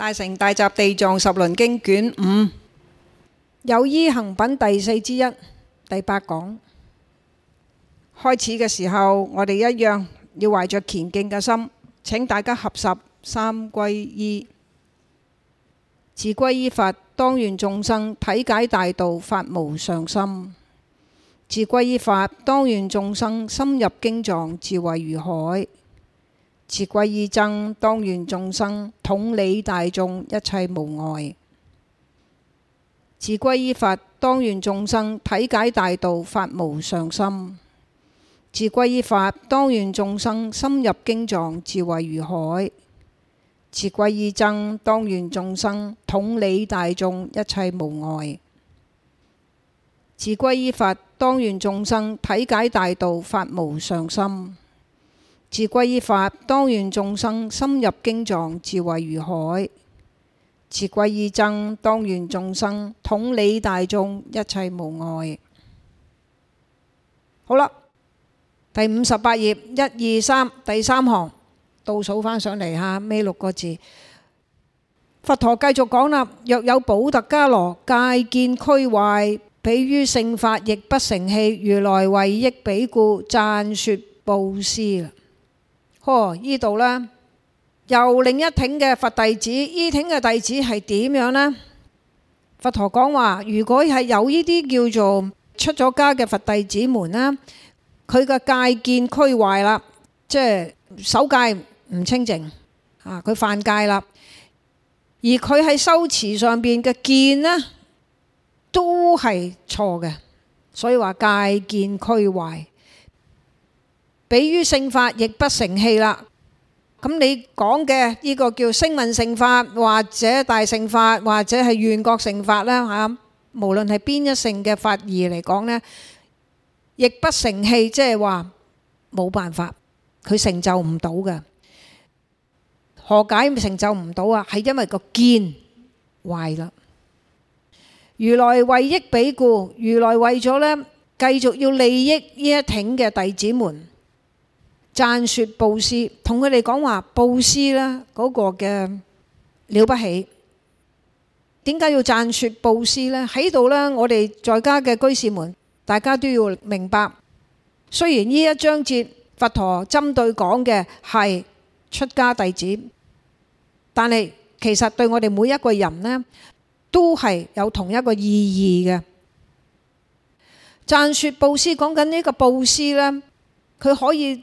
大乘大集地藏十輪經卷五，有依行品第四之一，第八講開始嘅時候，我哋一樣要懷着虔敬嘅心，請大家合十三歸依，自歸依法，當願眾生體解大道，發無上心；自歸依法，當願眾生深入經藏，智慧如海。自歸依僧，當願眾生統理大眾，一切無礙；自歸依佛，當願眾生體解大道，發無上心；自歸依法，當願眾生深入經藏，智慧如海；自歸依僧，當願眾生統理大眾，一切無礙；自歸依佛，當願眾生體解大道，發無上心。自歸依法，當願眾生深入經藏，智慧如海；自歸依真，當願眾生統理大眾，一切無礙。好啦，第五十八頁一二三第三行倒數返上嚟吓，尾六個字，佛陀繼續講啦：若有補特伽羅戒見俱壞，彼於聖法亦不成器。如來為益彼故，讚說布施。呵，呢度、哦、呢？又另一挺嘅佛弟子，依挺嘅弟子係點樣呢？佛陀講話，如果係有呢啲叫做出咗家嘅佛弟子們啦，佢嘅戒見俱壞啦，即係守戒唔清淨啊，佢犯戒啦，而佢喺修持上邊嘅見呢，都係錯嘅，所以話戒見俱壞。彼於聖法亦不成器啦。咁你講嘅呢個叫聲聞乘法，或者大乘法，或者係緣覺乘法啦吓。無論係邊一乘嘅法義嚟講呢，亦不成器，即係話冇辦法，佢成就唔到嘅。何解成就唔到啊？係因為個見壞啦。如來為益彼故，如來為咗呢繼續要利益呢一挺嘅弟子們。讚說布施，同佢哋講話布施啦，嗰個嘅了不起，點解要讚說布施呢？喺度咧，我哋在家嘅居士們，大家都要明白。雖然呢一章節佛陀針對講嘅係出家弟子，但係其實對我哋每一個人呢，都係有同一個意義嘅。讚說布施講緊呢個布施呢，佢可以。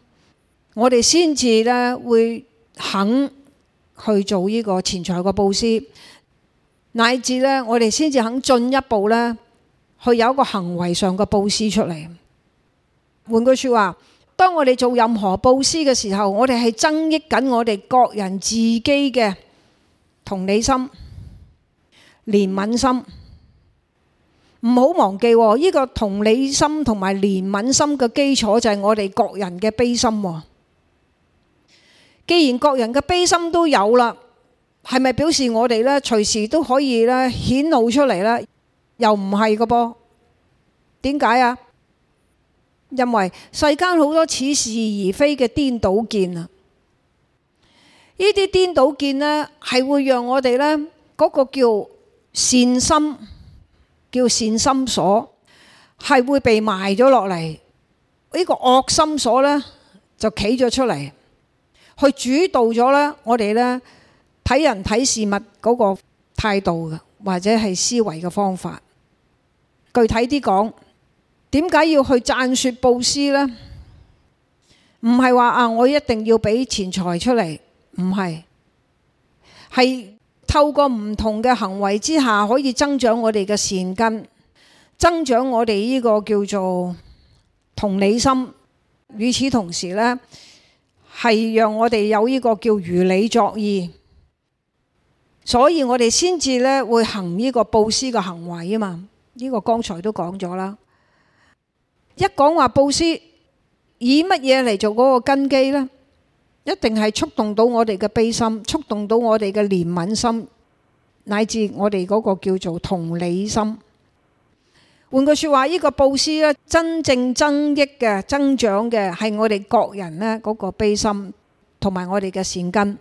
我哋先至咧會肯去做呢個錢財嘅布施，乃至呢，我哋先至肯進一步呢，去有一個行為上嘅布施出嚟。換句說話，當我哋做任何布施嘅時候，我哋係增益緊我哋各人自己嘅同理心、憐憫心。唔好忘記呢，呢個同理心同埋憐憫心嘅基礎就係我哋各人嘅悲心。既然各人嘅悲心都有啦，係咪表示我哋咧隨時都可以咧顯露出嚟呢？又唔係嘅噃，點解啊？因為世間好多似是而非嘅顛倒見啊！呢啲顛倒見呢，係會讓我哋呢嗰個叫善心，叫善心所，係會被埋咗落嚟。呢個惡心所呢，就企咗出嚟。佢主導咗呢，我哋呢睇人睇事物嗰個態度嘅，或者係思維嘅方法。具體啲講，點解要去讚說布施呢？唔係話啊，我一定要俾錢財出嚟，唔係，係透過唔同嘅行為之下，可以增長我哋嘅善根，增長我哋呢個叫做同理心。與此同時呢。係讓我哋有呢個叫如理作意，所以我哋先至呢會行呢個布施嘅行為啊嘛。呢個剛才都講咗啦，一講話布施，以乜嘢嚟做嗰個根基呢？一定係觸動到我哋嘅悲心，觸動到我哋嘅憐憫心，乃至我哋嗰個叫做同理心。換句説話，依個佈施咧，真正增益嘅、增長嘅，係我哋各人咧嗰個悲心同埋我哋嘅善根，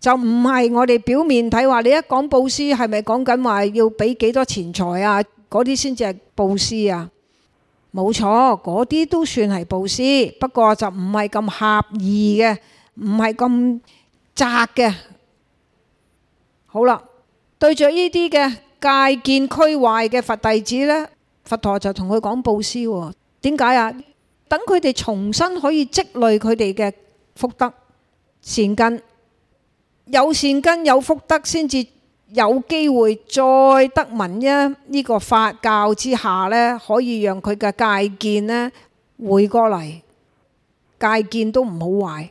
就唔係我哋表面睇話。你一講佈施，係咪講緊話要俾幾多錢財啊？嗰啲先至係佈施啊！冇錯，嗰啲都算係佈施，不過就唔係咁狹義嘅，唔係咁窄嘅。好啦，對著依啲嘅。戒見俱壞嘅佛弟子呢，佛陀就同佢講布施，點解啊？等佢哋重新可以積累佢哋嘅福德善根，有善根有福德，先至有機會再得聞一呢個法教之下呢，可以讓佢嘅戒見呢回過嚟，戒見都唔好壞。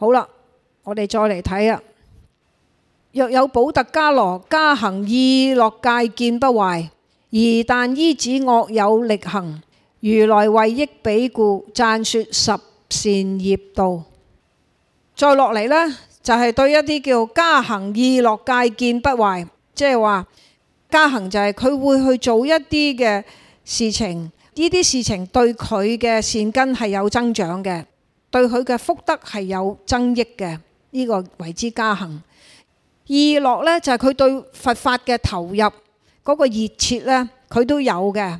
好啦，我哋再嚟睇啊！若有補特伽羅，加行意樂戒見不壞，而但依止惡友力行，如來為益彼故，讚說十善業道。再落嚟呢，就係、是、對一啲叫加行意樂戒見不壞，即係話加行就係佢會去做一啲嘅事情，呢啲事情對佢嘅善根係有增長嘅。對佢嘅福德係有增益嘅，呢個為之加行。意樂咧就係佢對佛法嘅投入嗰個熱切咧，佢都有嘅。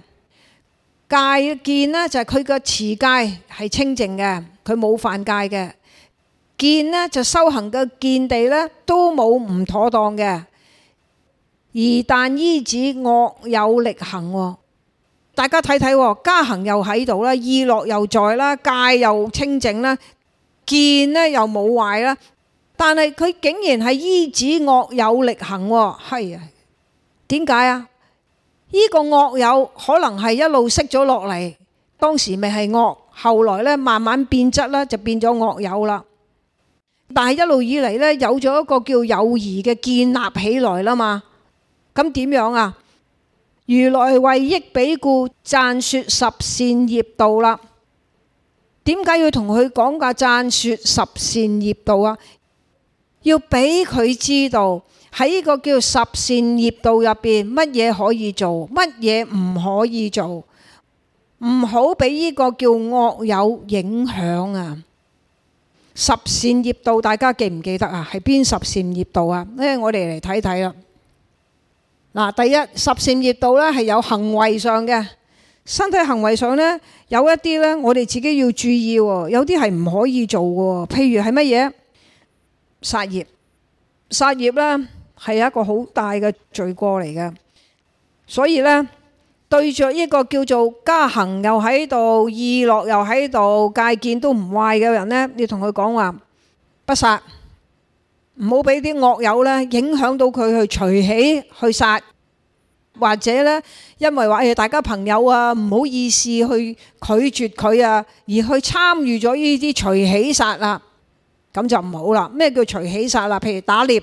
戒見咧就係佢嘅持戒係清淨嘅，佢冇犯戒嘅。見咧就修行嘅見地咧都冇唔妥當嘅。而但依止惡友力行喎。大家睇睇，加行又喺度啦，意樂又在啦，戒又清淨啦，見呢又冇壞啦。但係佢竟然係依止惡友力行，係啊？點解啊？呢個惡友可能係一路識咗落嚟，當時咪係惡，後來呢慢慢變質啦，就變咗惡友啦。但係一路以嚟呢，有咗一個叫友誼嘅建立起來啦嘛。咁點樣啊？如來為益彼故讚說十善業道啦，點解要同佢講噶讚說十善業道啊？要俾佢知道喺呢個叫十善業道入邊乜嘢可以做，乜嘢唔可以做，唔好俾呢個叫惡友影響啊！十善業道大家記唔記得啊？係邊十善業道啊？誒，我哋嚟睇睇啦。嗱，第一十善業道咧係有行為上嘅，身體行為上咧有一啲咧，我哋自己要注意喎，有啲係唔可以做嘅，譬如係乜嘢殺業，殺業咧係一個好大嘅罪過嚟嘅，所以咧對着一個叫做加行又喺度，意樂又喺度，戒見都唔壞嘅人咧，要同佢講話不殺。唔好俾啲惡友呢影響到佢去除起去殺，或者呢因為話誒大家朋友啊唔好意思去拒絕佢啊，而去參與咗呢啲除起殺啦，咁就唔好啦。咩叫除起殺啦？譬如打獵，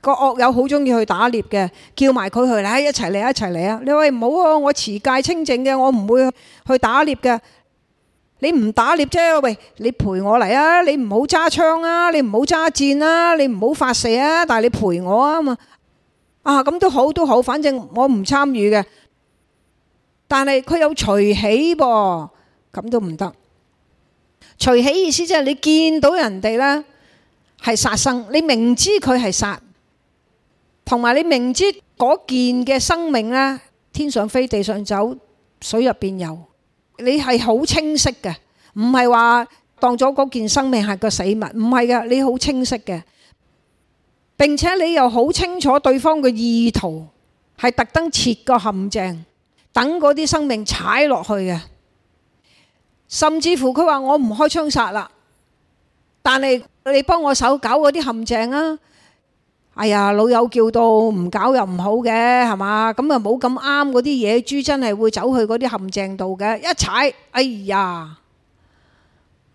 個惡友好中意去打獵嘅，叫埋佢去，咧一齊嚟，一齊嚟啊！你喂，唔好啊，我持戒清淨嘅，我唔會去打獵嘅。你唔打獵啫，喂！你陪我嚟啊！你唔好揸槍啊！你唔好揸箭啊！你唔好發射啊！但係你陪我啊嘛！啊，咁都好，都好，反正我唔參與嘅。但係佢有隨喜噃，咁都唔得。隨喜意思即係你見到人哋咧係殺生，你明知佢係殺，同埋你明知嗰件嘅生命咧天上飛、地上走、水入邊游。你係好清晰嘅，唔係話當咗嗰件生命係個死物，唔係嘅，你好清晰嘅，並且你又好清楚對方嘅意圖係特登設個陷阱，等嗰啲生命踩落去嘅，甚至乎佢話我唔開槍殺啦，但係你幫我手搞嗰啲陷阱啊！哎呀，老友叫到唔搞又唔好嘅，係嘛？咁啊冇咁啱嗰啲野豬真係會走去嗰啲陷阱度嘅，一踩，哎呀！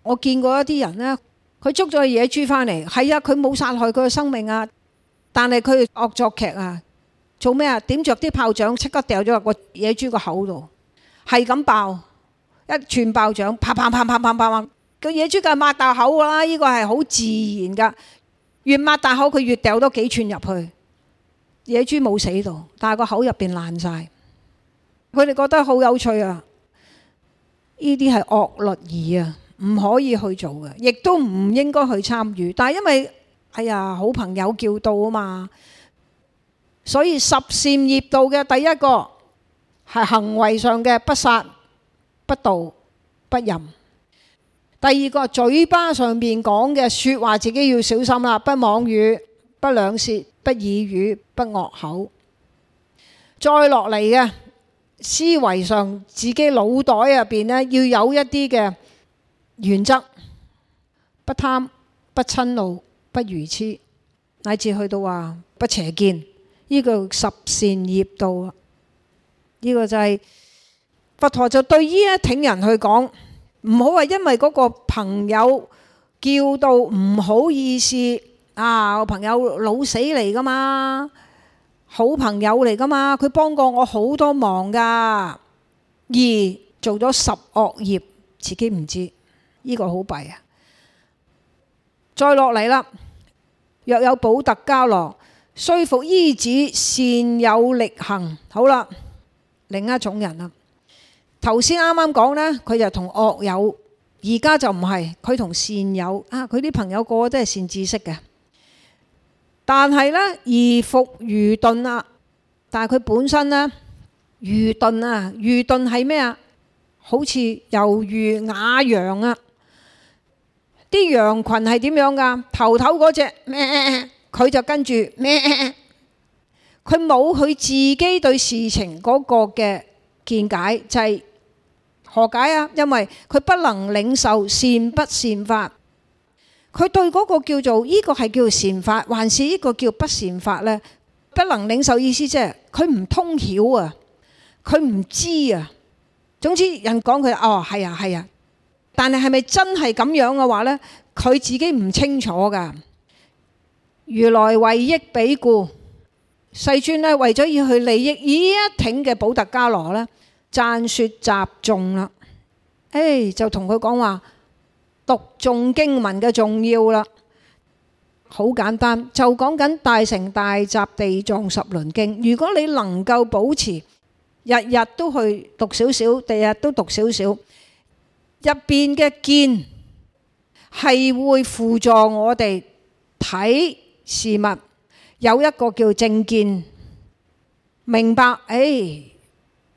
我見過一啲人呢，佢捉咗野豬返嚟，係啊，佢冇殺害佢嘅生命啊，但係佢惡作劇啊，做咩啊？點著啲炮仗，即刻掉咗落個野豬個口度，係咁爆，一串炮仗，啪啪啪啪啪啪啪，個野豬梗係擘大口啦，呢個係好自然噶。越擘大口，佢越掉多幾串入去。野豬冇死到，但係個口入邊爛晒。佢哋覺得好有趣啊！呢啲係惡律儀啊，唔可以去做嘅，亦都唔應該去參與。但係因為哎呀好朋友叫到啊嘛，所以十善業道嘅第一個係行為上嘅不殺、不盜、不淫。第二個嘴巴上邊講嘅說話，自己要小心啦，不妄語，不兩舌，不綺語，不惡口。再落嚟嘅思維上，自己腦袋入邊呢，要有一啲嘅原則：不貪、不嗔怒、不愚癡，乃至去到話不邪見。呢、這個十善業道，呢、這個就係、是、佛陀就對呢一挺人去講。唔好話，因為嗰個朋友叫到唔好意思啊！我朋友老死嚟噶嘛，好朋友嚟噶嘛，佢幫過我好多忙噶，二，做咗十惡業，自己唔知，呢個好弊啊！再落嚟啦，若有補特伽羅雖復依止善友力行，好啦，另一種人啦。頭先啱啱講呢，佢就同惡友，而家就唔係佢同善友啊！佢啲朋友個個都係善知識嘅，但係呢，而復愚鈍啊！但係佢本身呢，愚鈍啊，愚鈍係咩啊？好似猶如啞羊啊！啲羊群係點樣噶？頭頭嗰隻咩？佢就跟住咩？佢冇佢自己對事情嗰個嘅見解，就係、是。何解啊？因為佢不能領受善不善法，佢對嗰個叫做呢個係叫善法，還是呢個叫不善法呢？不能領受意思即係佢唔通曉啊，佢唔知啊。總之人講佢哦係啊係啊，但係係咪真係咁樣嘅話呢？佢自己唔清楚噶。如來為益彼故，世尊咧為咗要去利益呢一挺嘅補特伽羅呢。讚說習誦啦，誒、哎，就同佢講話讀誦經文嘅重要啦，好簡單就講緊大乘大集地藏十輪經。如果你能夠保持日日都去讀少少，日日都讀少少，入邊嘅見係會輔助我哋睇事物，有一個叫正見，明白誒。哎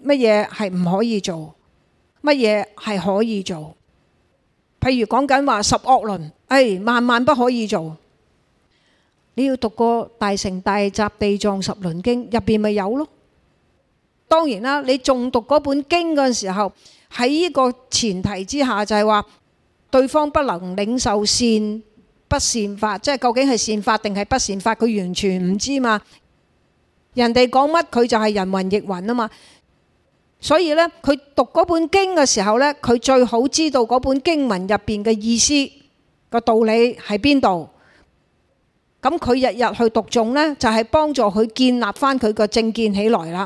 乜嘢係唔可以做？乜嘢係可以做？譬如講緊話十惡輪，哎，萬萬不可以做。你要讀過大乘大集地藏十輪經入邊咪有咯？當然啦，你仲讀嗰本經嗰陣時候，喺呢個前提之下就係話，對方不能領受善不善法，即係究竟係善法定係不善法，佢完全唔知嘛。人哋講乜佢就係人云亦云啊嘛。所以呢，佢讀嗰本經嘅時候呢，佢最好知道嗰本經文入邊嘅意思、個道理喺邊度。咁佢日日去讀誦呢，就係、是、幫助佢建立翻佢個正見起來啦。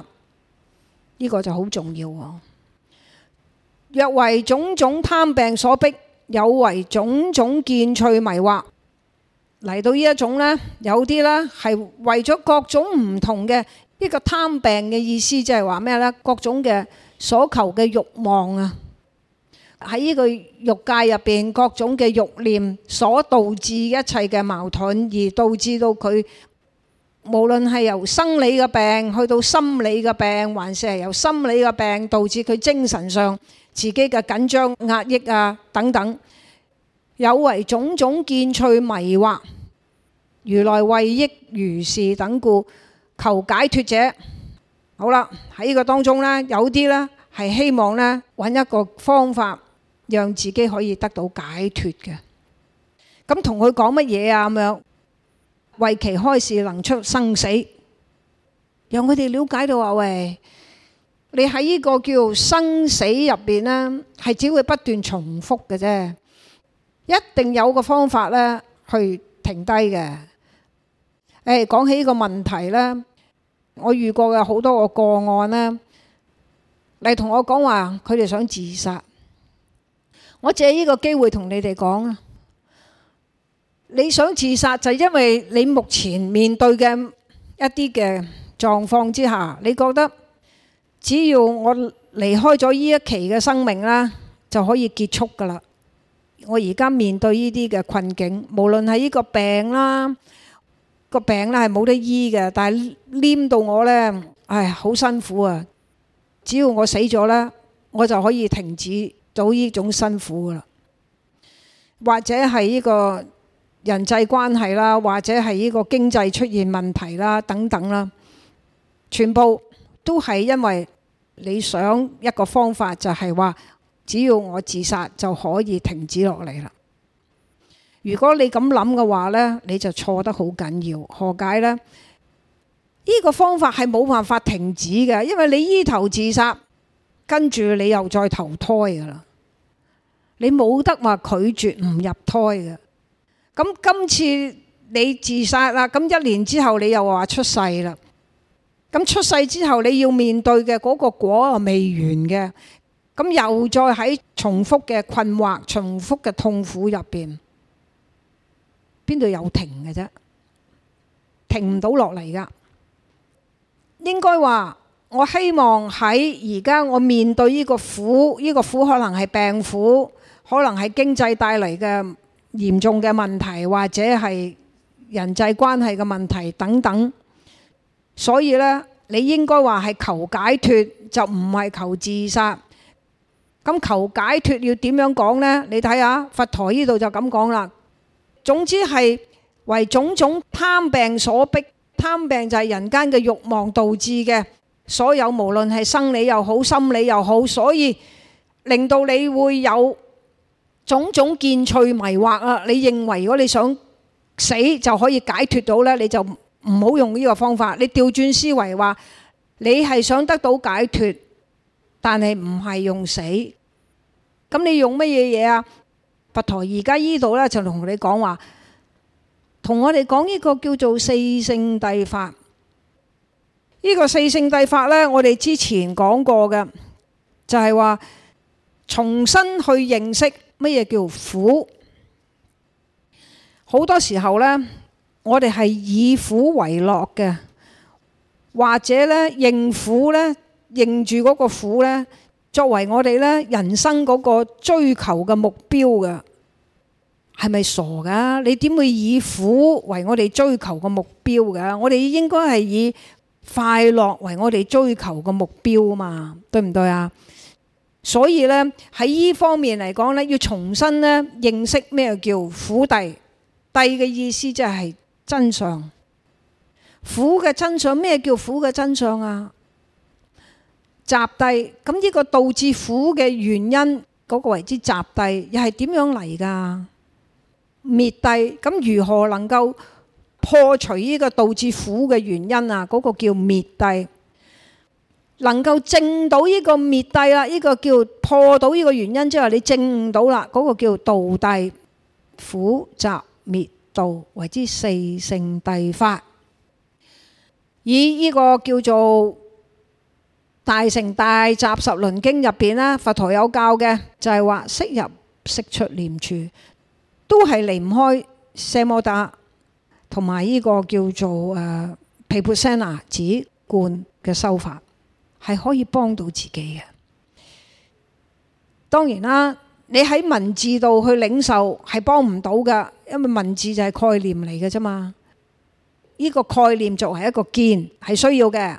呢、這個就好重要喎。若為種種貪病所逼，有為種種見趣迷惑嚟到呢一種呢，有啲呢係為咗各種唔同嘅。呢個貪病嘅意思即係話咩呢？各種嘅所求嘅慾望啊，喺呢個欲界入邊，各種嘅慾念所導致一切嘅矛盾，而導致到佢無論係由生理嘅病去到心理嘅病，還是係由心理嘅病導致佢精神上自己嘅緊張、壓抑啊等等，有為種種見趣迷惑，如來為益如是等故。求解脫者，好啦，喺呢個當中咧，有啲咧係希望咧揾一個方法，讓自己可以得到解脫嘅。咁同佢講乜嘢啊？咁樣為其開示能出生死，讓佢哋了解到話：喂，你喺呢個叫生死入邊咧，係只會不斷重複嘅啫。一定有個方法咧，去停低嘅。誒，講起呢個問題呢，我遇過嘅好多個個案呢，你同我講話，佢哋想自殺。我借呢個機會同你哋講啊，你想自殺就因為你目前面對嘅一啲嘅狀況之下，你覺得只要我離開咗呢一期嘅生命啦，就可以結束噶啦。我而家面對呢啲嘅困境，無論係呢個病啦。個病咧，係冇得醫嘅，但係黏到我呢，唉，好辛苦啊！只要我死咗咧，我就可以停止到呢種辛苦噶啦。或者係呢個人際關係啦，或者係呢個經濟出現問題啦，等等啦，全部都係因為你想一個方法，就係話只要我自殺就可以停止落嚟啦。如果你咁諗嘅話呢，你就錯得好緊要。何解呢？呢個方法係冇辦法停止嘅，因為你依頭自殺，跟住你又再投胎噶啦。你冇得話拒絕唔入胎嘅。咁今次你自殺啦，咁一年之後你又話出世啦。咁出世之後你要面對嘅嗰個果未完嘅，咁又再喺重複嘅困惑、重複嘅痛苦入邊。邊度有停嘅啫？停唔到落嚟㗎。應該話我希望喺而家我面對呢個苦，呢個苦可能係病苦，可能係經濟帶嚟嘅嚴重嘅問題，或者係人際關係嘅問題等等。所以呢，你應該話係求解脫，就唔係求自殺。咁求解脫要點樣講呢？你睇下佛陀呢度就咁講啦。總之係為種種貪病所逼，貪病就係人間嘅欲望導致嘅，所有無論係生理又好，心理又好，所以令到你會有種種見趣迷惑啊！你認為如果你想死就可以解脱到呢，你就唔好用呢個方法。你調轉思維話，你係想得到解脱，但係唔係用死，咁你用乜嘢嘢啊？佛陀而家呢度咧就同你講話，同我哋講呢個叫做四聖諦法。呢個四聖諦法咧，我哋之前講過嘅，就係話重新去認識乜嘢叫苦。好多時候咧，我哋係以苦為樂嘅，或者咧認苦咧認住嗰個苦咧。作為我哋咧人生嗰個追求嘅目標嘅，係咪傻噶？你點會以苦為我哋追求嘅目標嘅？我哋應該係以快樂為我哋追求嘅目標嘛？對唔對啊？所以呢，喺呢方面嚟講呢，要重新咧認識咩叫苦諦？諦嘅意思即係真相。苦嘅真相，咩叫苦嘅真相啊？集諦咁呢、這個導致苦嘅原因，嗰、那個為之集諦，又係點樣嚟㗎？滅諦咁如何能夠破除呢個導致苦嘅原因啊？嗰、那個叫滅諦，能夠證到呢個滅諦啦，呢、這個叫破到呢個原因之後，你證到啦，嗰、那個叫道諦，苦集滅道為之四聖諦法，以呢個叫做。大乘大集十輪經入面呢，佛陀有教嘅就係、是、話，識入識出念處，都係離唔開奢摩達同埋呢個叫做誒毗婆舍那止觀嘅修法，係可以幫到自己嘅。當然啦，你喺文字度去領受係幫唔到嘅，因為文字就係概念嚟嘅啫嘛。呢、這個概念作為一個見係需要嘅。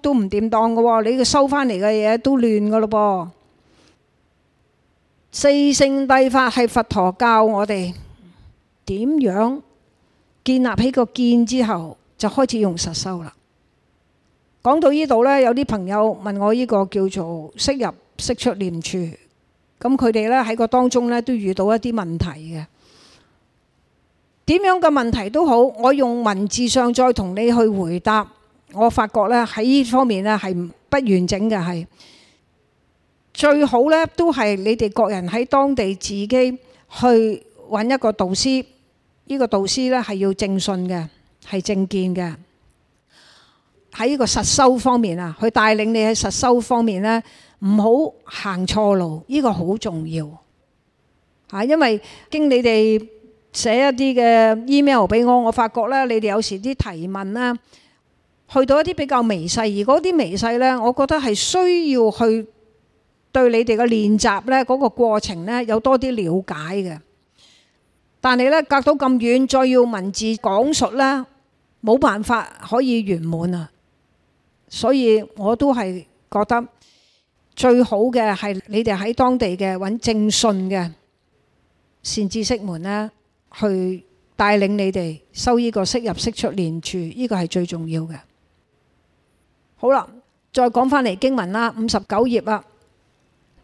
都唔掂當嘅，你收翻嚟嘅嘢都亂嘅咯噃。四聖諦法係佛陀教我哋點樣建立起個見之後，就開始用實修啦。講到呢度呢，有啲朋友問我呢個叫做識入識出念處，咁佢哋呢喺個當中呢都遇到一啲問題嘅。點樣嘅問題都好，我用文字上再同你去回答。我發覺咧喺依方面咧係不完整嘅，係最好咧都係你哋各人喺當地自己去揾一個導師，依個導師咧係要正信嘅，係正見嘅。喺依個實修方面啊，佢帶領你喺實修方面咧，唔好行錯路，依個好重要嚇。因為經你哋寫一啲嘅 email 俾我，我發覺咧你哋有時啲提問咧。去到一啲比較微細，而嗰啲微細呢，我覺得係需要去對你哋嘅練習呢嗰個過程呢有多啲了解嘅。但係呢，隔到咁遠，再要文字講述呢，冇辦法可以圓滿啊。所以我都係覺得最好嘅係你哋喺當地嘅揾正信嘅善知識們呢，去帶領你哋收呢個識入識出練處，呢、呢個係最重要嘅。好啦，再講返嚟經文啦，五十九頁啊，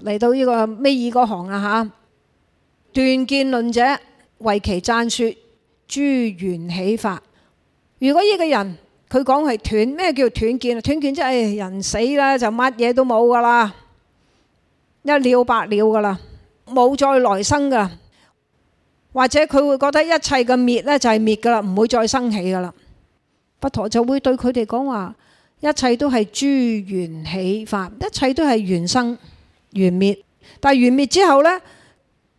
嚟到呢個尾二嗰行啊吓，斷見論者為其讚說諸緣起法。如果呢個人佢講係斷，咩叫斷見？斷見即係人死啦，就乜嘢都冇噶啦，一了百了噶啦，冇再來生噶，或者佢會覺得一切嘅滅呢，就係滅噶啦，唔會再生起噶啦。佛陀就會對佢哋講話。一切都係諸緣起法，一切都係緣生緣滅。但係緣滅之後呢，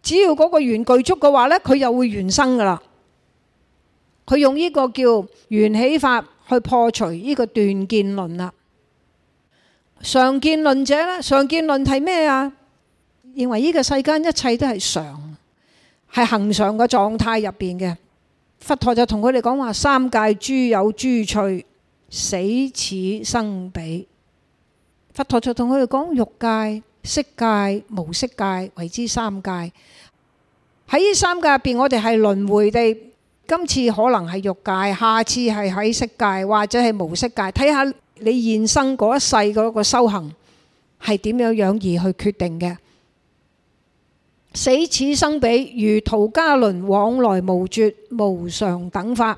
只要嗰個緣具足嘅話呢，佢又會緣生噶啦。佢用呢個叫緣起法去破除呢個斷見論啦。常見論者呢，常見論係咩啊？認為呢個世間一切都係常，係恒常嘅狀態入邊嘅。佛陀就同佢哋講話：三界諸有諸趣。死此生彼，佛陀就同佢哋講：欲界、色界、無色界，為之三界。喺呢三界入邊，我哋係輪迴地。今次可能係欲界，下次係喺色界或者係無色界，睇下你現生嗰一世嗰個修行係點樣樣而去決定嘅。死此生彼，如陶家輪往來無絕，無常等法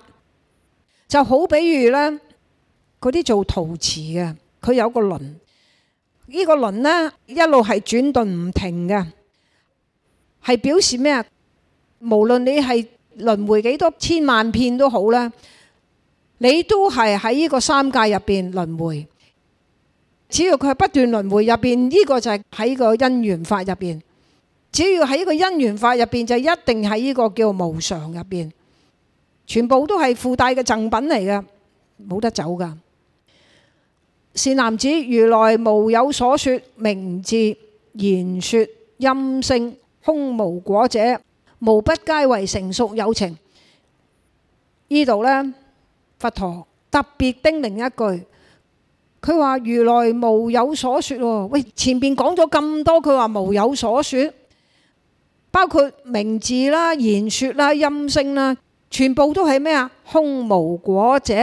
就好比。比如呢。嗰啲做陶瓷嘅，佢有個輪，呢個輪呢，一路係轉動唔停嘅，係表示咩啊？無論你係輪回幾多千萬片都好啦，你都係喺呢個三界入邊輪回。只要佢係不斷輪回入邊，呢個就係喺個因緣法入邊。只要喺呢個因緣法入邊，就一定喺呢個叫無常入邊，全部都係附帶嘅贈品嚟嘅，冇得走噶。善男子，如來無有所說，名字、言說、音聲、空無果者，無不皆為成熟有情。呢度呢，佛陀特別叮嚀一句，佢話如來無有所說。喂，前邊講咗咁多，佢話無有所說，包括名字啦、言說啦、音聲啦，全部都係咩啊？空無果者。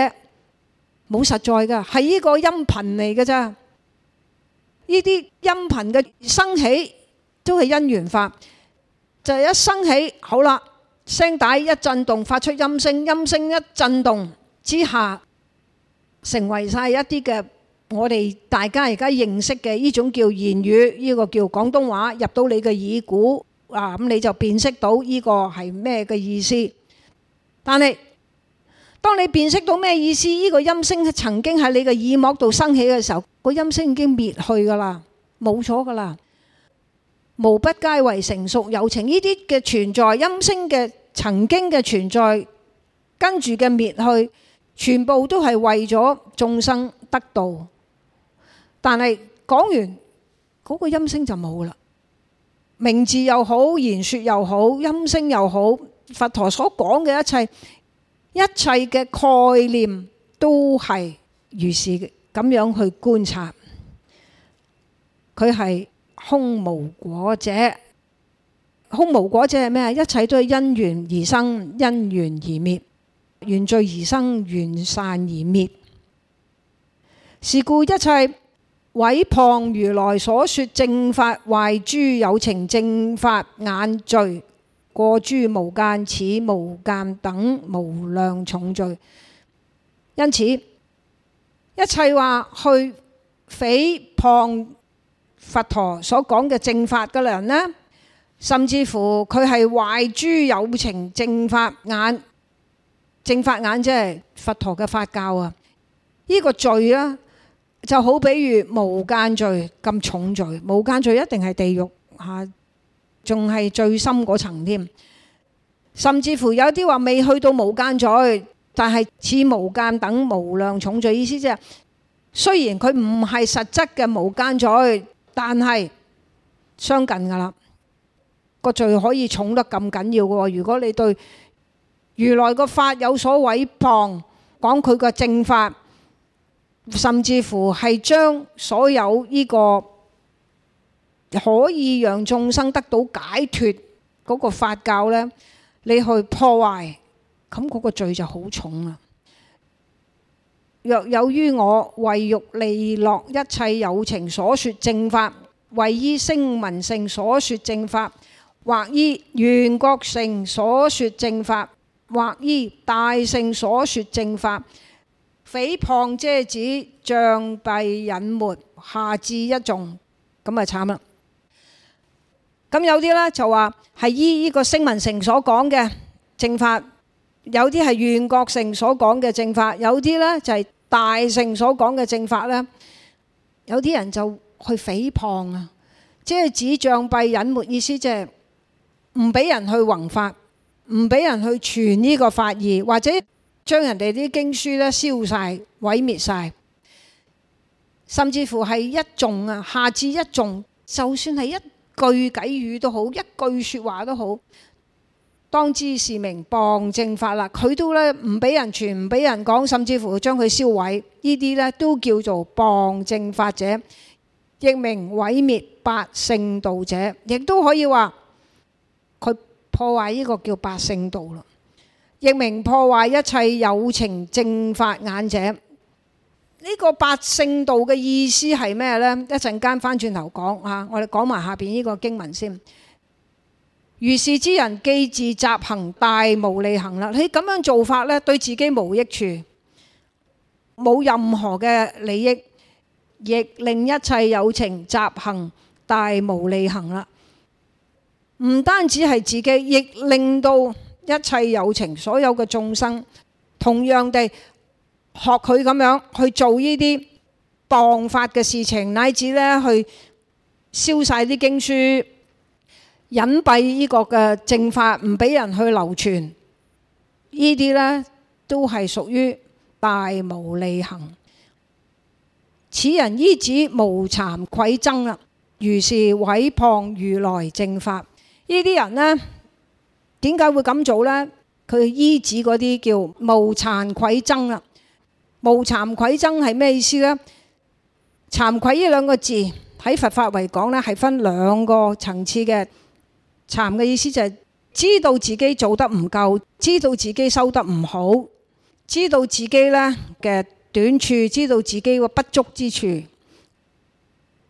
冇實在㗎，係呢個音頻嚟㗎咋。呢啲音頻嘅生起都係因緣法，就係、係、一生起好啦，聲帶一震動，發出音聲，音聲一震動之下，成為晒一啲嘅我哋大家而家認識嘅呢種叫言語，呢、呢個叫廣東話入到你嘅耳鼓啊，咁你就辨識到呢個係咩嘅意思。但係，當你辨識到咩意思？呢個音聲曾經喺你嘅耳膜度生起嘅時候，個音聲已經滅去噶啦，冇錯噶啦，無不皆為成熟有情呢啲嘅存在，音聲嘅曾經嘅存在，跟住嘅滅去，全部都係為咗眾生得到。但係講完嗰個音聲就冇啦，名字又好，言說又好，音聲又好，佛陀所講嘅一切。一切嘅概念都係如是咁樣去觀察，佢係空無果者，空無果者係咩？一切都係因緣而生，因緣而滅，緣聚而生，緣散而滅。是故一切毀謗如來所說正法，壞諸有情正法眼罪。過諸無間、似無間等無量重罪，因此一切話去誹謗佛陀所講嘅正法嘅人呢，甚至乎佢係壞諸有情正法眼，正法眼即係佛陀嘅法教啊！呢個罪啊就好比如無間罪咁重罪，無間罪一定係地獄吓。仲係最深嗰層添，甚至乎有啲話未去到無間罪，但係似無間等無量重罪。意思即係，雖然佢唔係實質嘅無間罪，但係相近噶啦，個罪可以重得咁緊要嘅。如果你對如來個法有所毀謗，講佢個正法，甚至乎係將所有呢個。可以讓眾生得到解脫嗰個法教呢，你去破壞，咁嗰個罪就好重啦。若有於我為欲利樂一切有情所說正法，為依聲聞乘所說正法，或依緣覺乘所說正法，或依大乘所說正法，誹謗遮止、障蔽、隱沒，下至一頌，咁啊慘啦！咁有啲呢，就話係依依個聲聞乘所講嘅正法，有啲係緣覺乘所講嘅正法，有啲呢就係、是、大乘所講嘅正法呢，有啲人就去誹謗啊，即係指障蔽隱沒意思，即係唔俾人去弘法，唔俾人去傳呢個法義，或者將人哋啲經書咧燒晒、毀滅晒，甚至乎係一頌啊，下至一頌，就算係一句偈語都好，一句說話都好，當知是名謗正法啦。佢都咧唔俾人傳，唔俾人講，甚至乎將佢燒毀。呢啲呢都叫做謗正法者，亦名毀滅八聖道者，亦都可以話佢破壞呢個叫八聖道啦。亦名破壞一切有情正法眼者。呢個八聖道嘅意思係咩呢？一陣間返轉頭講嚇，我哋講埋下邊呢個經文先。如是之人，既自習行大無利行啦！你咁樣做法呢，對自己無益處，冇任何嘅利益，亦令一切有情習行大無利行啦。唔單止係自己，亦令到一切有情，所有嘅眾生同樣地。學佢咁樣去做呢啲謗法嘅事情，乃至呢去燒晒啲經書，隱蔽呢個嘅正法，唔俾人去流傳。呢啲呢都係屬於大無利行。此人依止無慚愧僧啊，如是毀謗如來正法。呢啲人呢點解會咁做呢？佢依止嗰啲叫無慚愧僧啊。「無慚愧僧」係咩意思呢？「慚愧」呢兩個字喺佛法嚟講呢係分兩個層次嘅。慚嘅意思就係、是、知道自己做得唔夠，知道自己修得唔好，知道自己呢嘅短處，知道自己個不足之處。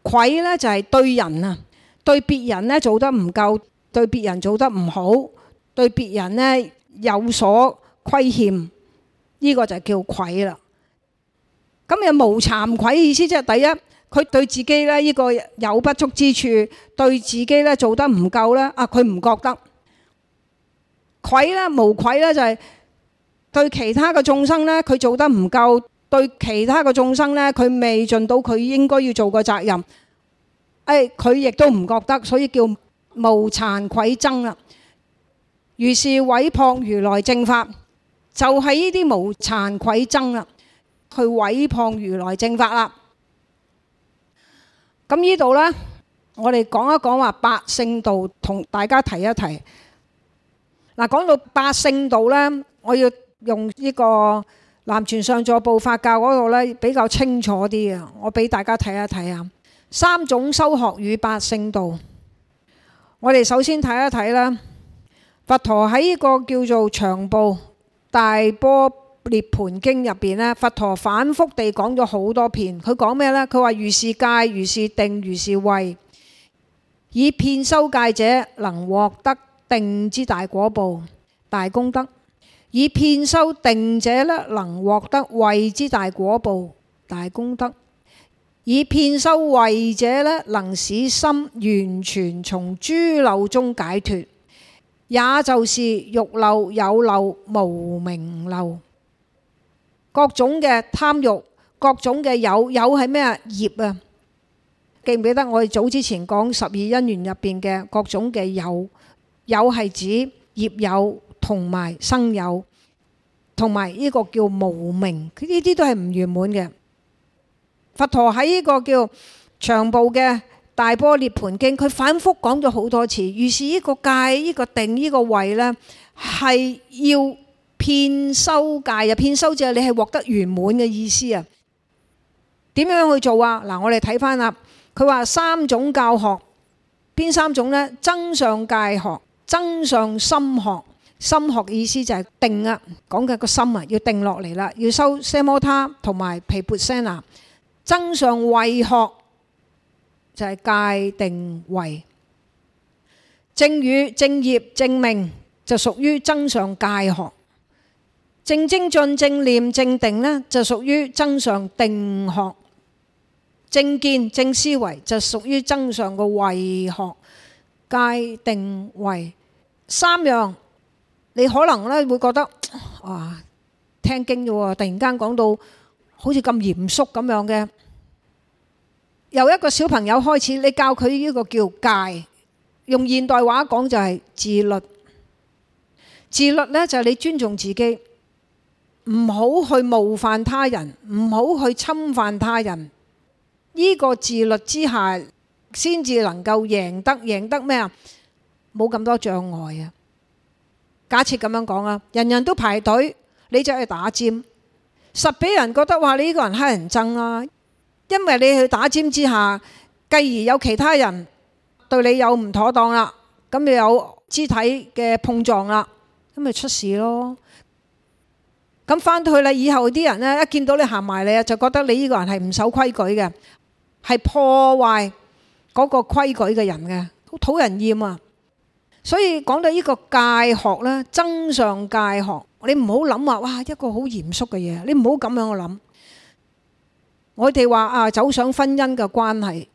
愧呢就係對人啊，對別人呢做得唔夠，對別人做得唔好，對別人呢有所虧欠，呢、這個就叫愧啦。咁又無慚愧嘅意思，即係第一，佢對自己咧依個有不足之處，對自己咧做得唔夠咧，啊佢唔覺得愧咧，無愧咧，就係對其他嘅眾生咧，佢做得唔夠，對其他嘅眾生咧，佢未盡到佢應該要做嘅責任，誒佢亦都唔覺得，所以叫無慚愧僧啊。於是毀謗如來正法，就係依啲無慚愧僧啊。去毀謗如來正法啦！咁呢度咧，我哋講一講話八聖道，同大家提一提。嗱，講到八聖道咧，我要用呢個南傳上座部佛教嗰度咧比較清楚啲啊！我俾大家睇一睇啊。三種修學與八聖道，我哋首先睇一睇啦。佛陀喺呢個叫做長部大波。《涅盤經》入邊呢，佛陀反覆地講咗好多遍。佢講咩呢？佢話如是戒，如是定，如是慧。以遍修戒者，能獲得定之大果報、大功德；以遍修定者咧，能獲得慧之大果報、大功德；以遍修慧者咧，能使心完全從諸漏中解脱，也就是欲漏、有漏、無明漏。各種嘅貪欲，各種嘅有，有係咩啊？業啊！記唔記得我哋早之前講十二因緣入邊嘅各種嘅有，有係指業有同埋生有，同埋呢個叫無明，佢呢啲都係唔圓滿嘅。佛陀喺呢個叫長部嘅《大般涅槃經》，佢反覆講咗好多次，於是呢個戒、呢個定、呢個慧咧，係要，騙修戒啊，騙修者你係獲得圓滿嘅意思啊。點樣去做啊？嗱，我哋睇翻啦。佢話三種教學，邊三種呢？增上戒學、增上心學、心學意思就係定啊，講緊個心啊要定落嚟啦，要修奢摩他同埋毗缽舍那啊。增上慧學就係戒定慧，正語、正業、正命就屬於增上戒學。正精進、正念、正定咧，就屬於增上定學；正見、正思維就屬於增上嘅慧學。戒、定、慧三樣，你可能咧會覺得啊，聽經嘅喎，突然間講到好似咁嚴肅咁樣嘅。由一個小朋友開始，你教佢呢個叫戒，用現代話講就係自律。自律咧就係你尊重自己。唔好去冒犯他人，唔好去侵犯他人。呢個自律之下，先至能夠贏得贏得咩啊？冇咁多障礙啊！假設咁樣講啊，人人都排隊，你就去打尖，實畀人覺得話你呢個人黑人憎啦、啊。因為你去打尖之下，繼而有其他人對你有唔妥當啦，咁又有肢體嘅碰撞啦，咁咪出事咯。咁翻到去啦，以後啲人咧一見到你行埋嚟，就覺得你呢個人係唔守規矩嘅，係破壞嗰個規矩嘅人嘅，好討人厭啊！所以講到呢個戒學咧，增上戒學，你唔好諗話，哇，一個好嚴肅嘅嘢，你唔好咁樣嘅諗。我哋話啊，走上婚姻嘅關係。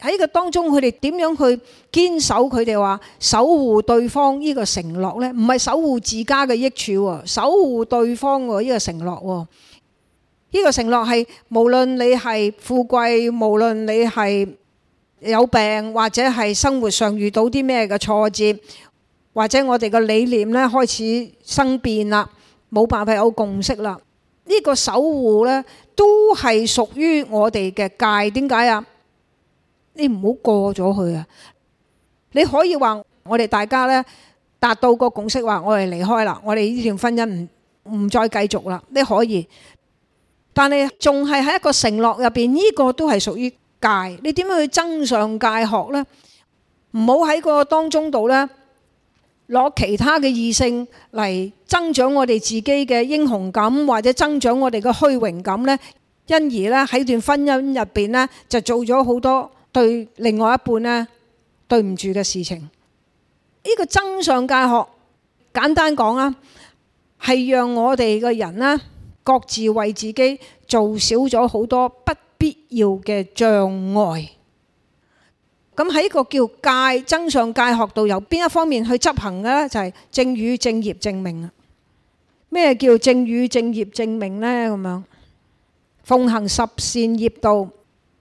喺個當中，佢哋點樣去堅守佢哋話守護對方呢個承諾呢，唔係守護自家嘅益處，守護對方喎呢個承諾喎。呢個承諾係無論你係富貴，無論你係有病或者係生活上遇到啲咩嘅挫折，或者我哋嘅理念呢開始生變啦，冇辦法有共識啦。呢個守護呢，都係屬於我哋嘅戒。點解啊？你唔好過咗去啊！你可以話我哋大家呢達到個共識，話我哋離開啦，我哋呢段婚姻唔唔再繼續啦。你可以，但係仲係喺一個承諾入邊，呢個都係屬於戒。你點樣去增上戒學呢？唔好喺個當中度呢，攞其他嘅異性嚟，增長我哋自己嘅英雄感，或者增長我哋嘅虛榮感呢。因而呢喺段婚姻入邊呢，就做咗好多。對另外一半咧，對唔住嘅事情，呢個增上戒學簡單講啦，係讓我哋嘅人啦，各自為自己做少咗好多不必要嘅障礙。咁喺一個叫戒增上戒學度，由邊一方面去執行嘅咧，就係正語、正業、正命啊！咩叫正語、正業、正命咧？咁樣奉行十善業道。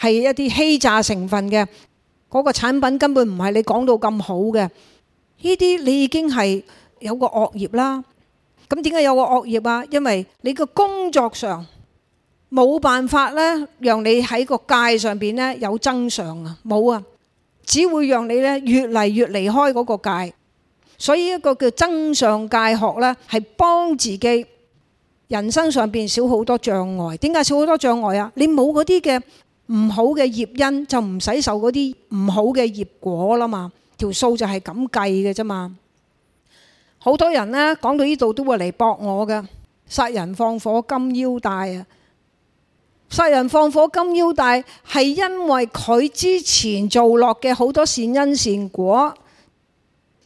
係一啲欺詐成分嘅嗰個產品，根本唔係你講到咁好嘅。呢啲你已經係有個惡業啦。咁點解有個惡業啊？因為你個工作上冇辦法咧，讓你喺個界上邊咧有增上啊，冇啊，只會讓你咧越嚟越離開嗰個界。所以一個叫增上界學咧，係幫自己人生上邊少好多障礙。點解少好多障礙啊？你冇嗰啲嘅。唔好嘅業因就唔使受嗰啲唔好嘅業果啦嘛，條數就係咁計嘅啫嘛。好多人呢，講到呢度都會嚟駁我嘅，殺人放火金腰帶啊！殺人放火金腰帶係因為佢之前做落嘅好多善因善果，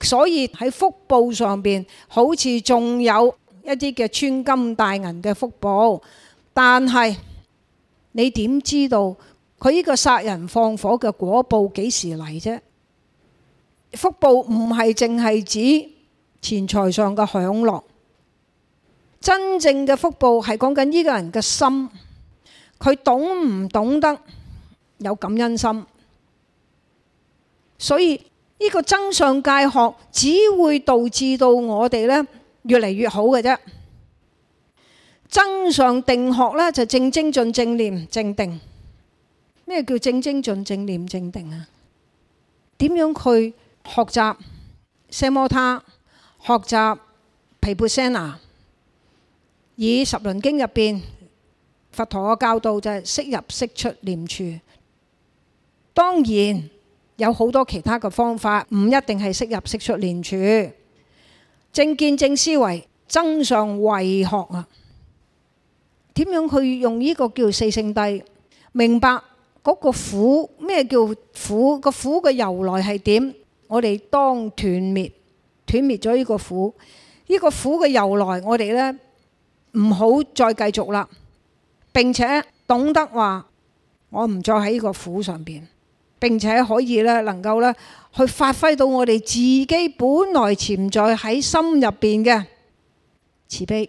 所以喺福報上邊好似仲有一啲嘅穿金戴銀嘅福報，但係你點知道？佢呢個殺人放火嘅果報幾時嚟啫？福報唔係淨係指錢財上嘅享樂，真正嘅福報係講緊呢個人嘅心，佢懂唔懂得有感恩心。所以呢個增上戒學只會導致到我哋呢越嚟越好嘅啫。增上定學呢就正精進、正念、正定。咩叫正精進、正念、正定啊？點樣去學習奢摩他？學習毗婆舍那啊，以十輪經入邊，佛陀嘅教導就係息入息出念處。當然有好多其他嘅方法，唔一定係息入息出念處。正見、正思維，增上慧學啊？點樣去用呢個叫四聖諦？明白？嗰個苦，咩叫苦？個苦嘅由來係點？我哋當斷滅，斷滅咗呢個苦。呢個苦嘅由來，我哋呢唔好再繼續啦。並且懂得話，我唔再喺呢個苦上邊。並且可以咧，能夠咧去發揮到我哋自己本來潛在喺心入邊嘅慈悲。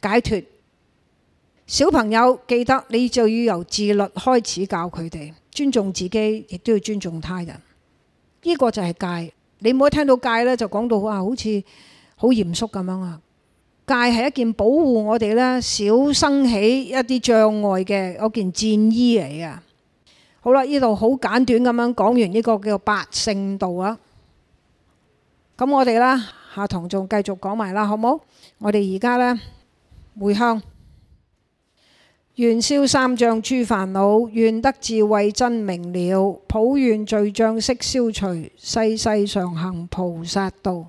解脫小朋友，記得你就要由自律開始教佢哋尊重自己，亦都要尊重他人。呢、呢個就係戒，你唔好聽到戒呢，就講到哇，好似好嚴肅咁樣啊！戒係一件保護我哋呢，少生起一啲障礙嘅嗰件戰衣嚟噶。好啦，呢度好簡短咁樣講完、這個、呢個叫做八聖道啊。咁我哋啦下堂仲繼續講埋啦，好冇？我哋而家呢。回向，願消三障諸煩惱，願得智慧真明了，普願罪障悉消除，世世常行菩薩道。